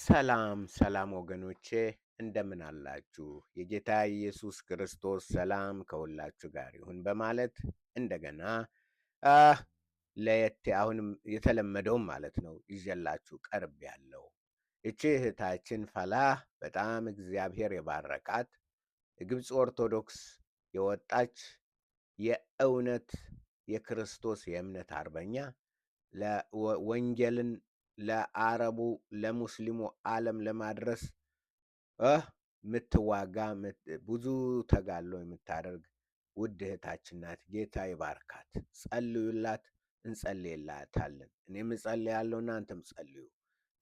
ሰላም ሰላም ወገኖቼ እንደምን አላችሁ? የጌታ ኢየሱስ ክርስቶስ ሰላም ከሁላችሁ ጋር ይሁን በማለት እንደገና ለየት አሁንም የተለመደውም ማለት ነው ይዤላችሁ ቀርብ ያለው እቺ እህታችን ፈላህ በጣም እግዚአብሔር የባረቃት ግብፅ ኦርቶዶክስ የወጣች የእውነት የክርስቶስ የእምነት አርበኛ ወንጌልን ለአረቡ ለሙስሊሙ ዓለም ለማድረስ ምትዋጋ ብዙ ተጋድሎ የምታደርግ ውድ እህታችን ናት። ጌታ ይባርካት። ጸልዩላት፣ እንጸልይላታለን። እኔም እጸልያለሁ፣ እናንተም ጸልዩ፣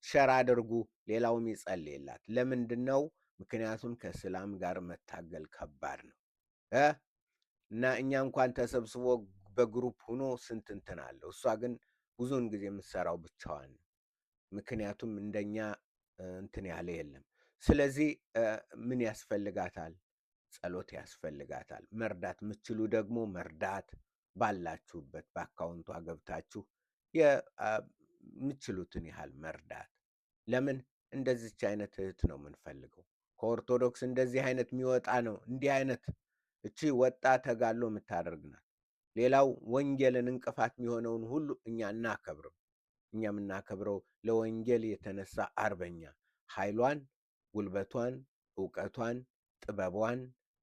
ሸር አድርጉ፣ ሌላውም ይጸልይላት። ለምንድን ነው? ምክንያቱም ከእስላም ጋር መታገል ከባድ ነው እና እኛ እንኳን ተሰብስቦ በግሩፕ ሁኖ ስንት እንትን አለው። እሷ ግን ብዙውን ጊዜ የምትሰራው ብቻዋን ነው። ምክንያቱም እንደኛ እንትን ያለ የለም። ስለዚህ ምን ያስፈልጋታል? ጸሎት ያስፈልጋታል። መርዳት ምችሉ ደግሞ መርዳት ባላችሁበት በአካውንቷ ገብታችሁ የምችሉትን ያህል መርዳት። ለምን እንደዚች አይነት እህት ነው የምንፈልገው ከኦርቶዶክስ እንደዚህ አይነት የሚወጣ ነው። እንዲህ አይነት እቺ ወጣ ተጋሎ የምታደርግ ናት። ሌላው ወንጌልን እንቅፋት የሚሆነውን ሁሉ እኛ እናከብርም። እኛ የምናከብረው ለወንጌል የተነሳ አርበኛ ኃይሏን፣ ጉልበቷን፣ እውቀቷን፣ ጥበቧን፣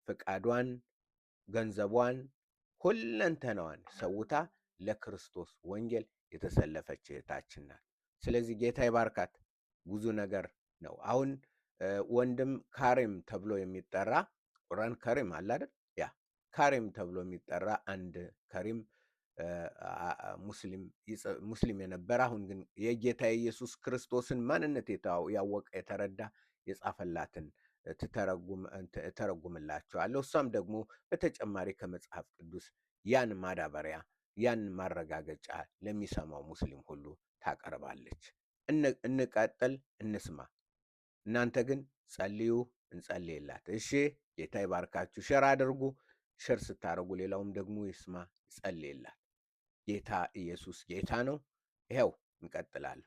ፍቃዷን፣ ገንዘቧን፣ ሁለንተናዋን ሰውታ ለክርስቶስ ወንጌል የተሰለፈች እህታችን ናት። ስለዚህ ጌታ ይባርካት። ብዙ ነገር ነው። አሁን ወንድም ካሪም ተብሎ የሚጠራ ቁራን ከሪም አለ አይደል? ያ ካሪም ተብሎ የሚጠራ አንድ ከሪም ሙስሊም የነበረ አሁን ግን የጌታ የኢየሱስ ክርስቶስን ማንነት ያወቀ የተረዳ የጻፈላትን ተረጉምላቸዋለሁ። እሷም ደግሞ በተጨማሪ ከመጽሐፍ ቅዱስ ያን ማዳበሪያ ያን ማረጋገጫ ለሚሰማው ሙስሊም ሁሉ ታቀርባለች። እንቀጥል፣ እንስማ። እናንተ ግን ጸልዩ፣ እንጸልይላት። እሺ፣ ጌታ ይባርካችሁ። ሸር አድርጉ። ሸር ስታደርጉ ሌላውም ደግሞ ይስማ፣ ይጸልይላት። جيتا يسوس جيتا نو هاو مكتلال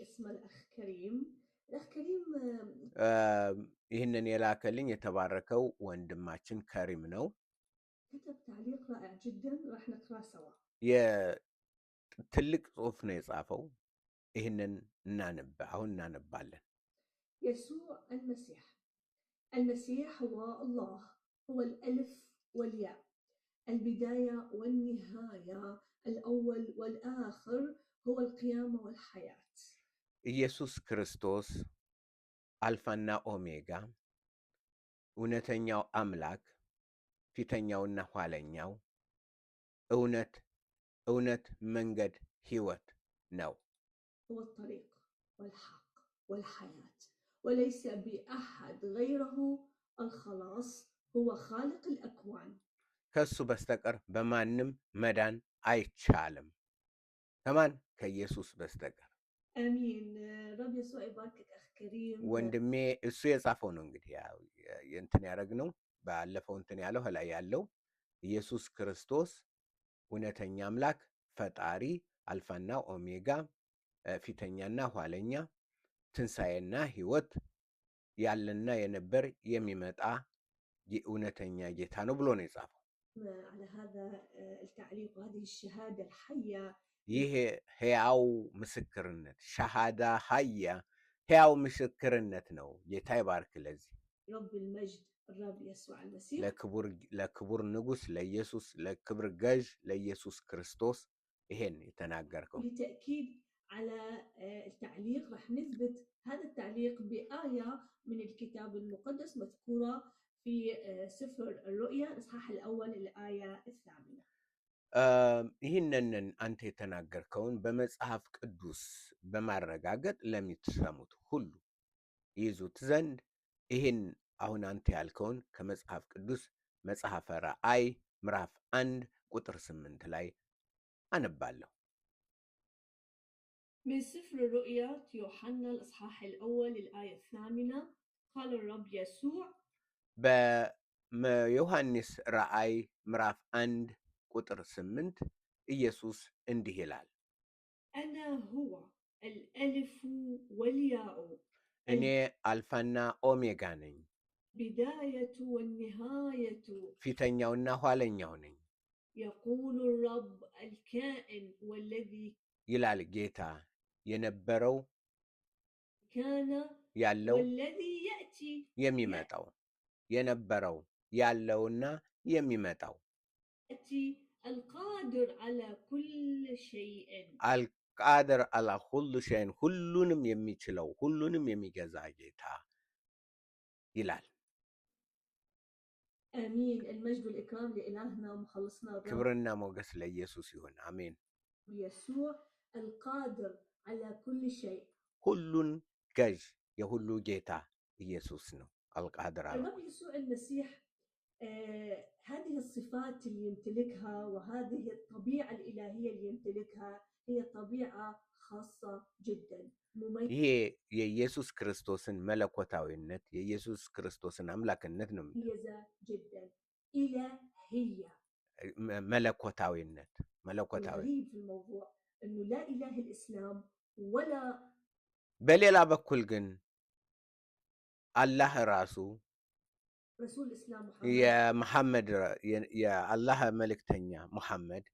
اسم الأخ كريم الأخ كريم إهنا نيلاكلين يتباركو واندماتشن كريم نو كتب تعليق رائع جدا راح نقرأ سوا يا تلك صوفنا يصافو إهنا نانبع ونانبال يسوع المسيح المسيح هو الله هو الألف والياء البداية والنهاية الأول والآخر هو القيامة والحياة ኢየሱስ ክርስቶስ አልፋና ኦሜጋ እውነተኛው አምላክ ፊተኛውና ኋለኛው እውነት እውነት መንገድ ህይወት ነው هو الطريق والحق والحياة وليس بأحد غيره الخلاص هو خالق الأكوان ከእሱ በስተቀር በማንም መዳን አይቻልም። ከማን ከኢየሱስ በስተቀር ወንድሜ እሱ የጻፈው ነው። እንግዲህ እንትን ያደረግ ነው ባለፈው እንትን ያለው ላይ ያለው ኢየሱስ ክርስቶስ እውነተኛ አምላክ ፈጣሪ፣ አልፋና ኦሜጋ ፊተኛና ኋለኛ ትንሣኤና ሕይወት ያለና የነበር የሚመጣ እውነተኛ ጌታ ነው ብሎ ነው የጻፈው። على هذا آه، التعليق وهذه الشهاده الحيه إيه، هي او مسكرنت شهادة حية هي او مسكرنت نو يتاي بارك لزي رب المجد الرب يسوع المسيح لكبر لكبر نقص ليسوس لكبر جج ليسوس كريستوس إيه هن يتناقركم لتأكيد على آه، التعليق راح نثبت هذا التعليق بآية من الكتاب المقدس مذكورة في سفر الرؤيا إصحاح الأول الآية الثامنة ይህንን አንተ የተናገርከውን በመጽሐፍ ቅዱስ በማረጋገጥ ለሚትሰሙት ሁሉ ይዙት ዘንድ ይህን አሁን አንተ ያልከውን ከመጽሐፍ ቅዱስ መጽሐፈ ራእይ ምዕራፍ አንድ ቁጥር ስምንት ላይ አነባለሁ። من سفر رؤيا يوحنا الإصحاح الأول الآية الثامنة قال الرب يسوع በዮሐንስ ራእይ ምዕራፍ አንድ ቁጥር ስምንት ኢየሱስ እንዲህ ይላል አና ሁዋ አልአልፉ ወልያኡ እኔ አልፋና ኦሜጋ ነኝ፣ ቢዳየቱ ወኒሃየቱ ፊተኛውና ኋለኛው ነኝ። የቁሉ ረብ አልካኢን ወለዚ ይላል ጌታ የነበረው ያለው የሚመጣው የነበረው ያለውና የሚመጣው አልቃድር አላ ኩሉ ሸይን ሁሉንም የሚችለው ሁሉንም የሚገዛ ጌታ ይላል። ክብርና ሞገስ ለኢየሱስ ይሁን፣ አሜን። ሁሉን ገዥ የሁሉ ጌታ ኢየሱስ ነው። القادرة الرب يسوع المسيح آه، هذه الصفات اللي يمتلكها وهذه الطبيعة الإلهية اللي يمتلكها هي طبيعة خاصة جدا هي يا يسوس كريستوس ملك وتاوينت يا يسوس كريستوس أملاك النت مميزة جدا إلى هي ملك وتاوينت ملك غريب في الموضوع أنه لا إله الإسلام ولا بل يلا بكل جن አላህ ራሱ የመሐመድ የአላህ መልእክተኛ ሙሐመድ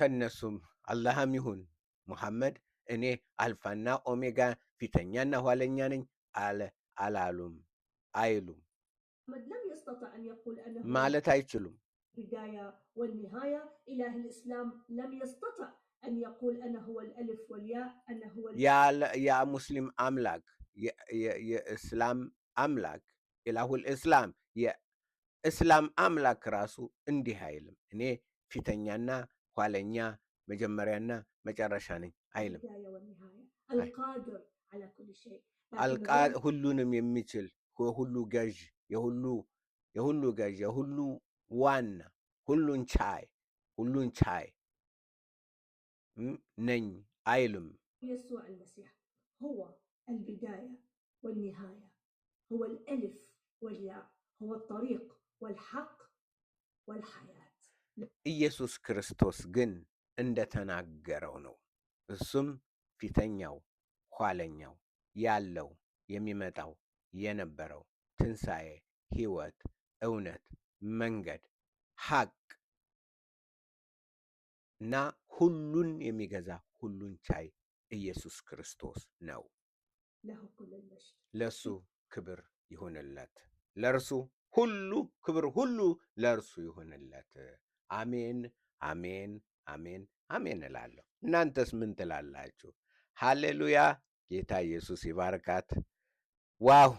ከነሱም አላህም ይሁን ሙሐመድ እኔ አልፋና ኦሜጋ ፊተኛና ኋለኛ ነኝ አላሉም፣ አይሉም ማለት አይችሉም። የሙስሊም አምላክ የእስላም አምላክ ኢላሁል እስላም የእስላም አምላክ ራሱ እንዲህ አይልም። እኔ ፊተኛና ኋለኛ መጀመሪያና መጨረሻ ነኝ አይልም። ሁሉንም የሚችል የሁሉ ገዥ የሁሉ የሁሉ ገዥ የሁሉ ዋና ሁሉን ቻይ ሁሉን ቻይ ነኝ አይልም። አልቢዳያ ኢየሱስ ክርስቶስ ግን እንደተናገረው ነው። እሱም ፊተኛው፣ ኋለኛው፣ ያለው፣ የሚመጣው፣ የነበረው፣ ትንሣኤ፣ ሕይወት፣ እውነት፣ መንገድ፣ ሐቅ እና ሁሉን የሚገዛ ሁሉን ቻይ ኢየሱስ ክርስቶስ ነው። ለእሱ ክብር ይሆንለት። ለእርሱ ሁሉ ክብር ሁሉ ለእርሱ ይሆንለት። አሜን፣ አሜን፣ አሜን፣ አሜን እላለሁ። እናንተስ ምን ትላላችሁ? ሃሌሉያ። ጌታ ኢየሱስ ይባርካት። ዋው!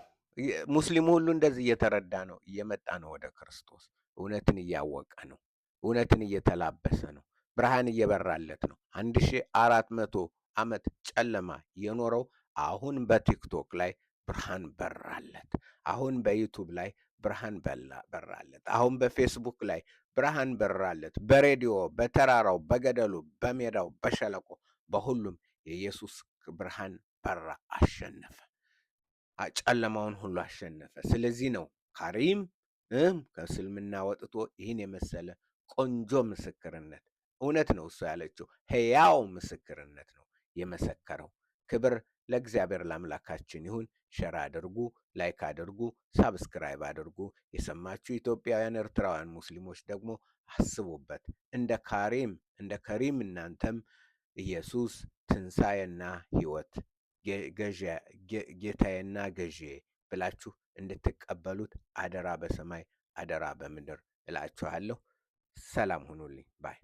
ሙስሊሙ ሁሉ እንደዚህ እየተረዳ ነው፣ እየመጣ ነው ወደ ክርስቶስ። እውነትን እያወቀ ነው፣ እውነትን እየተላበሰ ነው። ብርሃን እየበራለት ነው። 1400 ዓመት ጨለማ የኖረው አሁን በቲክቶክ ላይ ብርሃን በራለት። አሁን በዩቱብ ላይ ብርሃን በራለት። አሁን በፌስቡክ ላይ ብርሃን በራለት። በሬዲዮ፣ በተራራው፣ በገደሉ፣ በሜዳው፣ በሸለቆ፣ በሁሉም የኢየሱስ ብርሃን በራ፣ አሸነፈ። ጨለማውን ሁሉ አሸነፈ። ስለዚህ ነው ካሪም ከእስልምና ወጥቶ ይህን የመሰለ ቆንጆ ምስክርነት እውነት ነው እሱ ያለችው፣ ሕያው ምስክርነት ነው የመሰከረው። ክብር ለእግዚአብሔር ለአምላካችን ይሁን። ሸር አድርጉ፣ ላይክ አድርጉ፣ ሳብስክራይብ አድርጉ። የሰማችሁ ኢትዮጵያውያን፣ ኤርትራውያን ሙስሊሞች ደግሞ አስቡበት። እንደ ካሪም እንደ ከሪም እናንተም ኢየሱስ ትንሣኤና ሕይወት ጌታዬና ገዢዬ ብላችሁ እንድትቀበሉት አደራ በሰማይ አደራ በምድር እላችኋለሁ። ሰላም ሁኑልኝ ባይ